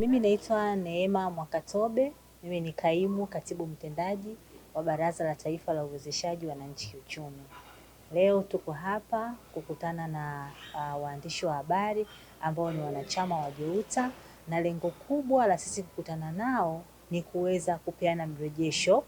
Mimi naitwa Neema Mwakatobe, mimi ni kaimu katibu mtendaji wa Baraza la Taifa la Uwezeshaji Wananchi Kiuchumi. Leo tuko hapa kukutana na uh, waandishi wa habari ambao ni wanachama wa JEUTA na lengo kubwa la sisi kukutana nao ni kuweza kupeana mrejesho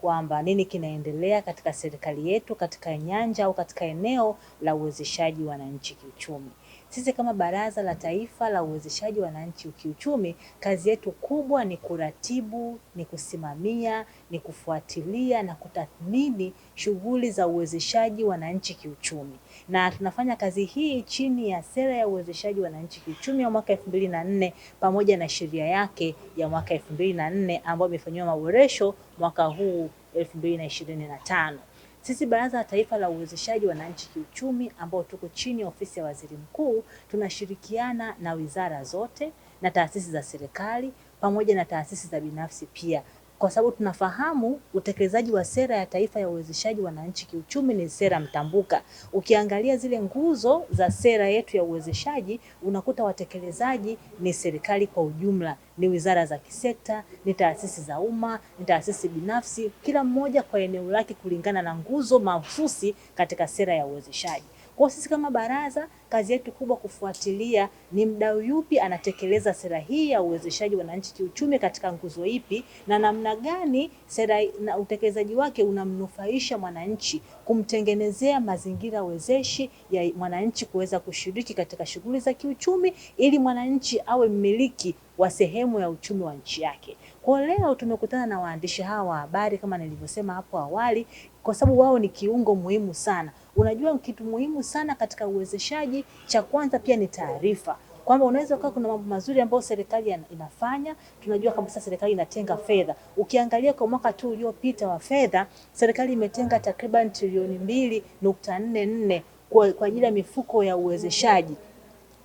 kwamba nini kinaendelea katika serikali yetu katika nyanja au katika eneo la uwezeshaji wananchi kiuchumi. Sisi kama Baraza la Taifa la Uwezeshaji Wananchi Kiuchumi, kazi yetu kubwa ni kuratibu, ni kusimamia, ni kufuatilia na kutathmini shughuli za uwezeshaji wananchi kiuchumi, na tunafanya kazi hii chini ya Sera ya Uwezeshaji Wananchi Kiuchumi ya mwaka elfu mbili na nne pamoja na sheria yake ya mwaka elfu mbili na nne ambayo imefanyiwa maboresho mwaka huu elfu mbili na ishirini na tano. Sisi Baraza la Taifa la Uwezeshaji Wananchi Kiuchumi, ambao tuko chini ya ofisi ya waziri mkuu, tunashirikiana na wizara zote na taasisi za serikali pamoja na taasisi za binafsi pia kwa sababu tunafahamu utekelezaji wa sera ya taifa ya uwezeshaji wananchi kiuchumi ni sera mtambuka. Ukiangalia zile nguzo za sera yetu ya uwezeshaji, unakuta watekelezaji ni serikali kwa ujumla, ni wizara za kisekta, ni taasisi za umma, ni taasisi binafsi, kila mmoja kwa eneo lake kulingana na nguzo mahususi katika sera ya uwezeshaji. Kwa sisi kama baraza, kazi yetu kubwa kufuatilia ni mdau yupi anatekeleza sera hii ya uwezeshaji wananchi kiuchumi katika nguzo ipi, na namna gani sera na utekelezaji wake unamnufaisha mwananchi, kumtengenezea mazingira wezeshi ya mwananchi kuweza kushiriki katika shughuli za kiuchumi, ili mwananchi awe mmiliki wa sehemu ya uchumi wa nchi yake. Kwa leo tumekutana na waandishi hawa wa habari kama nilivyosema hapo awali, kwa sababu wao ni kiungo muhimu sana. Unajua kitu muhimu sana katika uwezeshaji, cha kwanza pia ni taarifa kwamba unaweza ukawa kuna mambo mazuri ambayo serikali inafanya. Tunajua kabisa serikali inatenga fedha. Ukiangalia kwa mwaka tu uliopita wa fedha, serikali imetenga takriban trilioni mbili nukta nne nne kwa ajili ya mifuko ya uwezeshaji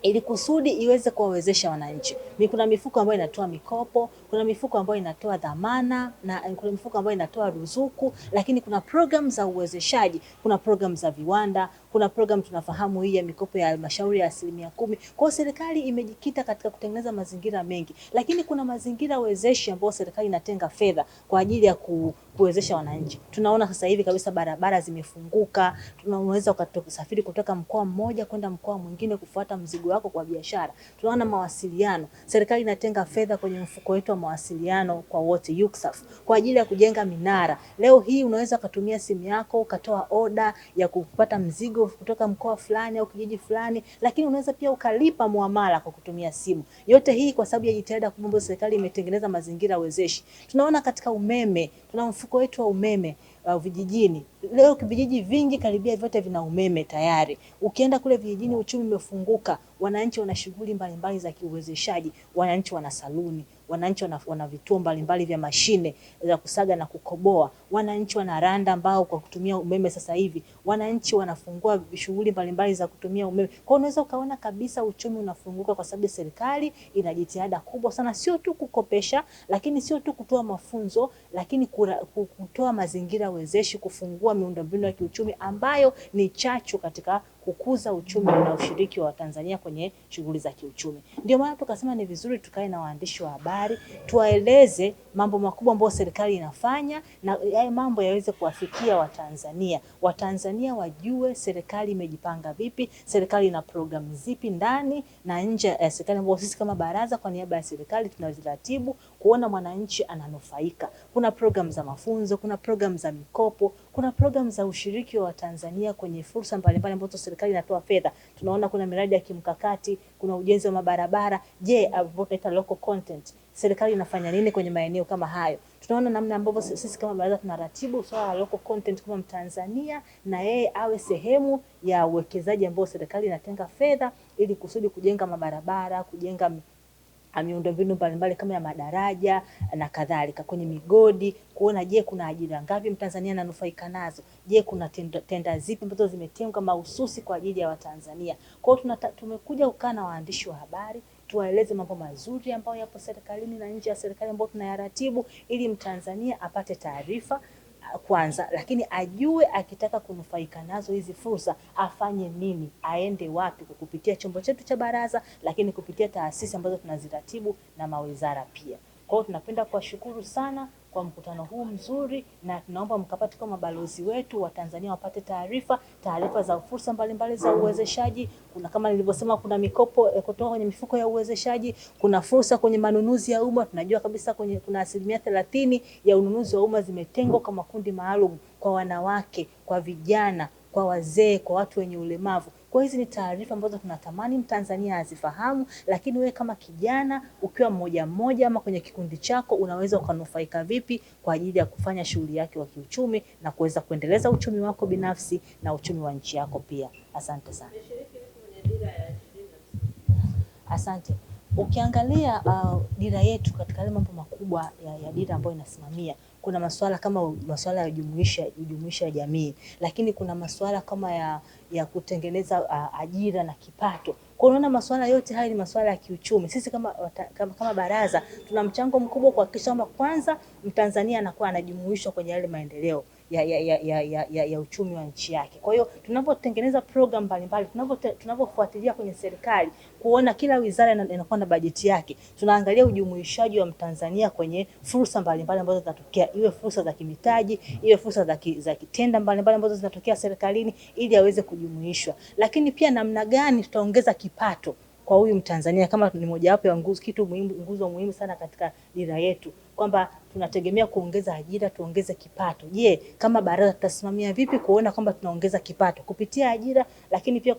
ili kusudi iweze kuwawezesha wananchi. Ni kuna mifuko ambayo inatoa mikopo, kuna mifuko ambayo inatoa dhamana na eh, kuna mifuko ambayo inatoa ruzuku, lakini kuna programu za uwezeshaji, kuna programu za viwanda, kuna programu tunafahamu hii ya mikopo ya halmashauri ya asilimia kumi. Kwa hiyo serikali imejikita katika kutengeneza mazingira mengi, lakini kuna mazingira wezeshi ambayo serikali inatenga fedha kwa ajili ya ku, kuwezesha wananchi. Tunaona sasa hivi kabisa barabara zimefunguka, tunaweza kusafiri kutoka mkoa mmoja kwenda mkoa mwingine kufuata mzigo wako kwa biashara. Tunaona mawasiliano, serikali inatenga fedha kwenye mfuko wetu mawasiliano kwa wote UCSAF, kwa ajili ya kujenga minara. Leo hii unaweza ukatumia simu yako ukatoa oda ya kupata mzigo kutoka mkoa fulani au kijiji fulani, lakini unaweza pia ukalipa muamala kwa kutumia simu. Yote hii kwa sababu ya jitihada kubwa ambazo serikali imetengeneza mazingira wezeshi. Tunaona katika umeme, tuna mfuko wetu wa umeme Uh, vijijini leo vijiji vingi karibia vyote vina umeme tayari. Ukienda kule vijijini, uchumi umefunguka, wananchi wana shughuli mbalimbali za kiuwezeshaji, wananchi wana saluni wananchi wana, vituo mbalimbali vya mashine za kusaga na kukoboa, wananchi wanaranda ambao kwa kutumia umeme sasa hivi, wananchi wanafungua shughuli mbalimbali za kutumia umeme. Kwa unaweza ukaona kabisa uchumi unafunguka kwa sababu serikali ina jitihada kubwa sana, sio tu kukopesha, lakini sio tu kutoa mafunzo, lakini kutoa mazingira wezeshi, kufungua miundombinu ya kiuchumi ambayo ni chachu katika kukuza uchumi na ushiriki wa Tanzania kwenye shughuli za kiuchumi. Ndio maana tukasema ni vizuri tukae na waandishi wa habari tuwaeleze mambo makubwa ambayo serikali inafanya na hayo mambo yaweze kuwafikia Watanzania. Watanzania wajue serikali imejipanga vipi, serikali ina programu zipi ndani na nje ya serikali, ambayo sisi kama baraza kwa niaba ya serikali tunaziratibu kuona mwananchi ananufaika. Kuna programu za mafunzo, kuna programu za mikopo, kuna programu za ushiriki wa Watanzania kwenye fursa mbalimbali ambazo serikali inatoa fedha. Tunaona kuna miradi ya kimkakati kuna ujenzi wa mabarabara. Je, advocate local content, serikali inafanya nini kwenye maeneo kama hayo? Tunaona namna ambavyo sisi kama baraza tunaratibu swala la local content, kama Mtanzania na yeye awe sehemu ya uwekezaji ambao serikali inatenga fedha ili kusudi kujenga mabarabara, kujenga miundombinu mbalimbali kama ya madaraja na kadhalika, kwenye migodi kuona, je, kuna ajira ngapi mtanzania ananufaika nazo? Je, kuna tenda, tenda zipi ambazo zimetengwa mahususi kwa ajili ya Watanzania? Kwa hiyo tumekuja kukaa na waandishi wa habari tuwaeleze mambo mazuri ambayo yapo serikalini na nje ya serikali ambayo tunayaratibu, ili mtanzania apate taarifa kwanza, lakini ajue akitaka kunufaika nazo hizi fursa afanye nini, aende wapi, kupitia chombo chetu cha baraza, lakini kupitia taasisi ambazo tunaziratibu na mawizara pia. Kwa hiyo tunapenda kuwashukuru sana kwa mkutano huu mzuri, na tunaomba mkapate kama mabalozi wetu wa Tanzania wapate taarifa taarifa za fursa mbalimbali za uwezeshaji. Kuna kama nilivyosema, kuna mikopo eh, kutoka kwenye mifuko ya uwezeshaji, kuna fursa kwenye manunuzi ya umma. Tunajua kabisa kwenye, kuna asilimia thelathini ya ununuzi wa umma zimetengwa kwa makundi maalum, kwa wanawake, kwa vijana kwa wazee, kwa watu wenye ulemavu. Kwa hizi ni taarifa ambazo tunatamani Mtanzania azifahamu, lakini wewe kama kijana ukiwa mmoja mmoja ama kwenye kikundi chako unaweza ukanufaika vipi kwa ajili ya kufanya shughuli yake wa kiuchumi na kuweza kuendeleza uchumi wako binafsi na uchumi wa nchi yako pia. Asante sana. Asante. Ukiangalia uh, dira yetu katika yale mambo makubwa ya, ya dira ambayo inasimamia kuna masuala kama masuala ya ujumuisha ujumuisha jamii, lakini kuna masuala kama ya, ya kutengeneza uh, ajira na kipato. Kwa unaona masuala yote haya ni masuala ya kiuchumi. Sisi kama, kama, kama baraza tuna mchango mkubwa kuhakikisha kwamba kwanza Mtanzania anakuwa anajumuishwa kwenye yale maendeleo ya, ya, ya, ya, ya, ya uchumi wa nchi yake. Kwa hiyo tunapotengeneza program mbalimbali, tunapofuatilia kwenye serikali kuona kila wizara inakuwa na bajeti yake, tunaangalia ujumuishaji wa Mtanzania kwenye fursa mbalimbali ambazo zinatokea, iwe fursa za kimitaji, iwe fursa za kitenda mbalimbali ambazo zinatokea serikalini, ili aweze kujumuishwa, lakini pia namna gani tutaongeza kipato kwa huyu Mtanzania kama ni mojawapo ya nguzo, kitu muhimu, nguzo muhimu sana katika dira yetu kwamba tunategemea kuongeza ajira, tuongeze kipato. Je, kama baraza tutasimamia vipi kuona kwamba tunaongeza kipato kupitia ajira, lakini pia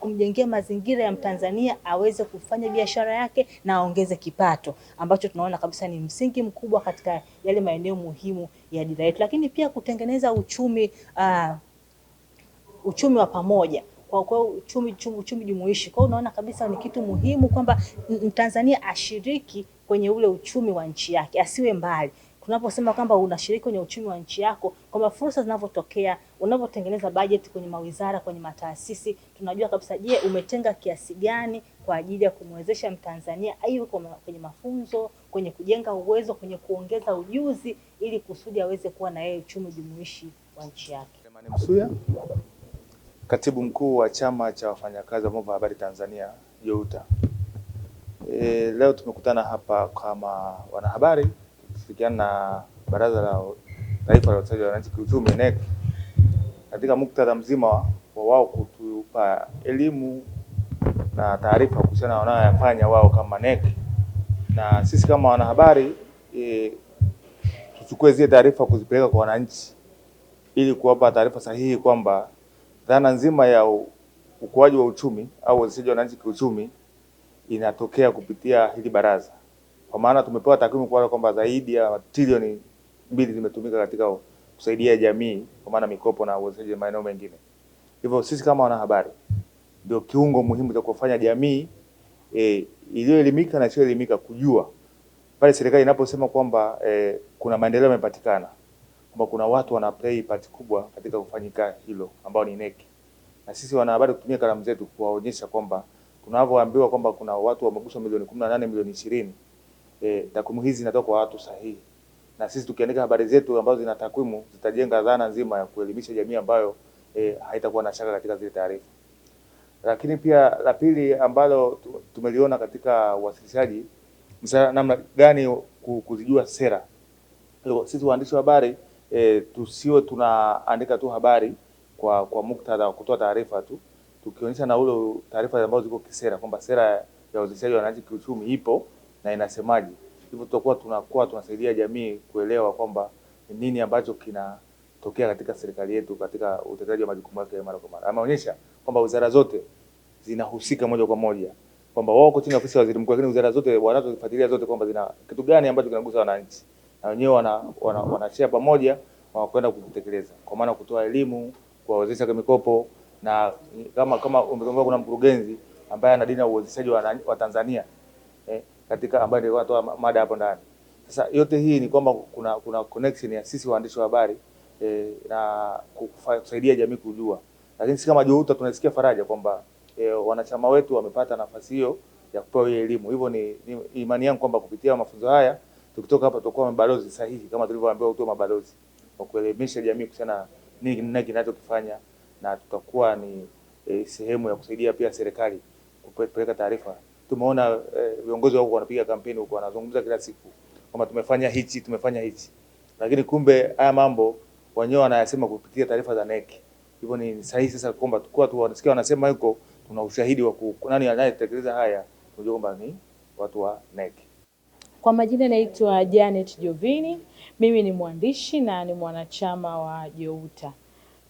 kumjengea mazingira ya Mtanzania aweze kufanya biashara yake na aongeze kipato ambacho tunaona kabisa ni msingi mkubwa katika yale maeneo muhimu ya dira yetu, lakini pia kutengeneza uchumi uh, uchumi wa pamoja kwa kwa uchumi uchumi jumuishi. Kwa hiyo unaona kabisa ni kitu muhimu kwamba Mtanzania ashiriki kwenye ule uchumi wa nchi yake, asiwe mbali tunaposema kwamba unashiriki kwenye uchumi wa nchi yako, kwamba fursa zinavyotokea, unavyotengeneza bajeti kwenye mawizara, kwenye mataasisi, tunajua kabisa, je, umetenga kiasi gani kwa ajili ya kumwezesha Mtanzania aiwe kwenye mafunzo, kwenye kujenga uwezo, kwenye kuongeza ujuzi, ili kusudi aweze kuwa na yeye uchumi jumuishi wa nchi yake. Msuya Katibu mkuu wa chama cha wafanyakazi wa vyombo vya habari Tanzania JOUTA. E, leo tumekutana hapa kama wanahabari kushirikiana na Baraza la Taifa la Ustawi wa Wananchi Kiuchumi NEC katika muktadha mzima wa wao kutupa elimu na taarifa kuhusiana na wanayoyafanya wao kama NEC na sisi kama wanahabari e, tuchukue zile taarifa kuzipeleka kwa wananchi ili kuwapa taarifa sahihi kwamba dhana nzima ya ukuaji wa uchumi au uwezeshaji wa wananchi kiuchumi inatokea kupitia hili baraza, kwa maana tumepewa takwimu kwa kwamba zaidi ya trilioni mbili zimetumika katika kusaidia jamii, kwa maana mikopo na uwezeshaji wa maeneo mengine. Hivyo sisi kama wanahabari ndio kiungo muhimu cha kufanya jamii e, iliyoelimika na isiyoelimika kujua pale serikali inaposema kwamba e, kuna maendeleo yamepatikana kwamba kuna watu wana play part kubwa katika kufanyika hilo ambao ni NEC, na sisi wanahabari kutumia kalamu zetu kuwaonyesha kwamba tunavyoambiwa kwamba kuna watu wameguswa milioni 18 milioni 20, eh, takwimu hizi zinatoka kwa watu sahihi, na sisi tukiandika habari zetu ambazo zina takwimu zitajenga dhana nzima ya kuelimisha jamii ambayo eh, haitakuwa na shaka katika zile taarifa. Lakini pia la pili ambalo tumeliona katika uwasilishaji namna gani kuzijua sera. Sisi waandishi wa habari e, tusiwe tunaandika tu habari kwa kwa muktadha wa kutoa taarifa tu, tukionyesha na ule taarifa ambazo ziko kisera kwamba sera ya uzalishaji wa wananchi kiuchumi ipo na inasemaje. Hivyo tutakuwa tunakuwa tunasaidia jamii kuelewa kwamba nini ambacho kinatokea katika serikali yetu katika utendaji wa majukumu yake mara kwa mara. Ameonyesha kwamba wizara zote zinahusika moja kwa moja kwamba wao wako chini ya ofisi ya waziri mkuu, lakini wizara zote wanazofuatilia zote kwamba zina kitu gani ambacho kinagusa wananchi na wenyewe wana, wana, mhm. wana pamoja wanakwenda kutekeleza, kwa maana kutoa elimu, kuwawezesha kwa mikopo, na kama kama umekumbuka kuna mkurugenzi ambaye ana dini ya uwezeshaji wa, wa Tanzania eh, katika ambaye ndio anatoa mada hapo ndani. Sasa yote hii ni kwamba kuna kuna connection ya sisi waandishi wa habari eh, na kusaidia jamii kujua, lakini si kama Juhuta tunasikia faraja kwamba eh, wanachama wetu wamepata nafasi hiyo ya kupewa hiyo elimu. Hivyo ni, ni imani yangu kwamba kupitia mafunzo haya tukitoka hapa tutakuwa mabalozi sahihi kama tulivyoambiwa utoe mabalozi wa kuelimisha jamii kuhusiana nini nini kinachokifanya na tutakuwa ni e, sehemu ya kusaidia pia serikali kupeleka taarifa. Tumeona e, viongozi wao wanapiga kampeni huko wanazungumza kila siku kwamba tumefanya hichi tumefanya hichi, lakini kumbe haya mambo wenyewe wanayasema kupitia taarifa za NEC. Hivyo ni sahihi sasa kwamba tukua tu wanasikia wanasema huko, tuna ushahidi wa nani anayetekeleza haya, tunajua kwamba ni watu wa NEC. Kwa majina naitwa Janet Jovini, mimi ni mwandishi na ni mwanachama wa Jeuta.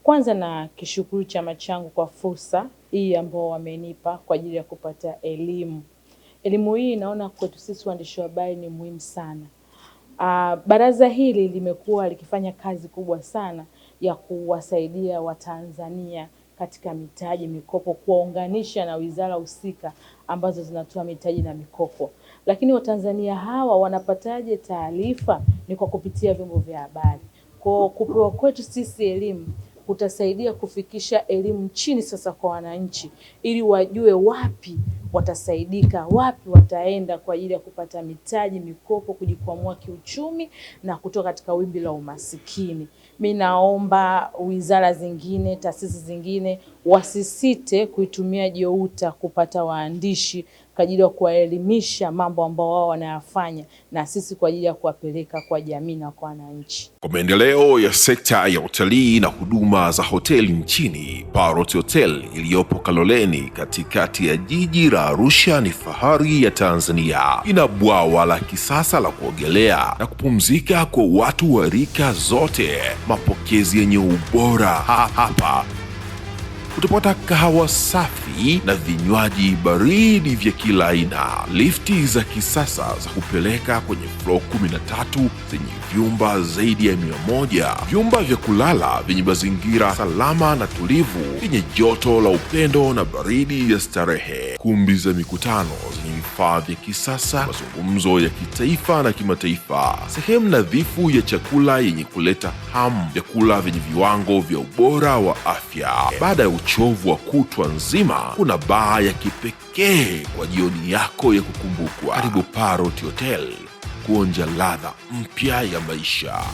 Kwanza na kishukuru chama changu kwa fursa hii ambao wamenipa kwa ajili ya kupata elimu. Elimu hii inaona kwetu sisi waandishi wa habari ni muhimu sana. Uh, baraza hili limekuwa likifanya kazi kubwa sana ya kuwasaidia Watanzania katika mitaji, mikopo, kuwaunganisha na wizara husika ambazo zinatoa mitaji na mikopo. Lakini Watanzania hawa wanapataje taarifa? Ni kwa kupitia vyombo vya habari. Kwa kupewa kwetu sisi elimu kutasaidia kufikisha elimu chini sasa kwa wananchi, ili wajue wapi watasaidika, wapi wataenda kwa ajili ya kupata mitaji, mikopo, kujikwamua kiuchumi na kutoka katika wimbi la umasikini. Mi naomba wizara zingine, taasisi zingine wasisite kuitumia JOUTA kupata waandishi kwa ajili ya kuwaelimisha mambo ambao wao wanayafanya na sisi kwa ajili ya kuwapeleka kwa jamii na kwa wananchi. Kwa maendeleo ya sekta ya utalii na huduma za hoteli nchini, Parrot Hotel iliyopo Kaloleni katikati ya jiji la Arusha ni fahari ya Tanzania. Ina bwawa la kisasa la kuogelea na kupumzika kwa watu wa rika zote, mapokezi yenye ubora hapa utapata kahawa safi na vinywaji baridi vya kila aina, lifti za kisasa za kupeleka kwenye flo 13 zenye vyumba zaidi ya mia moja, vyumba vya kulala vyenye mazingira salama na tulivu, vyenye joto la upendo na baridi ya starehe, kumbi za mikutano zenye vifaa vya kisasa, mazungumzo ya kitaifa na kimataifa, sehemu nadhifu ya chakula yenye kuleta hamu, vyakula vyenye viwango vya ubora wa afya. Baada ya uchovu wa kutwa nzima, kuna baa ya kipekee kwa jioni yako ya kukumbukwa. Karibu Parrot Hotel kuonja ladha mpya ya maisha.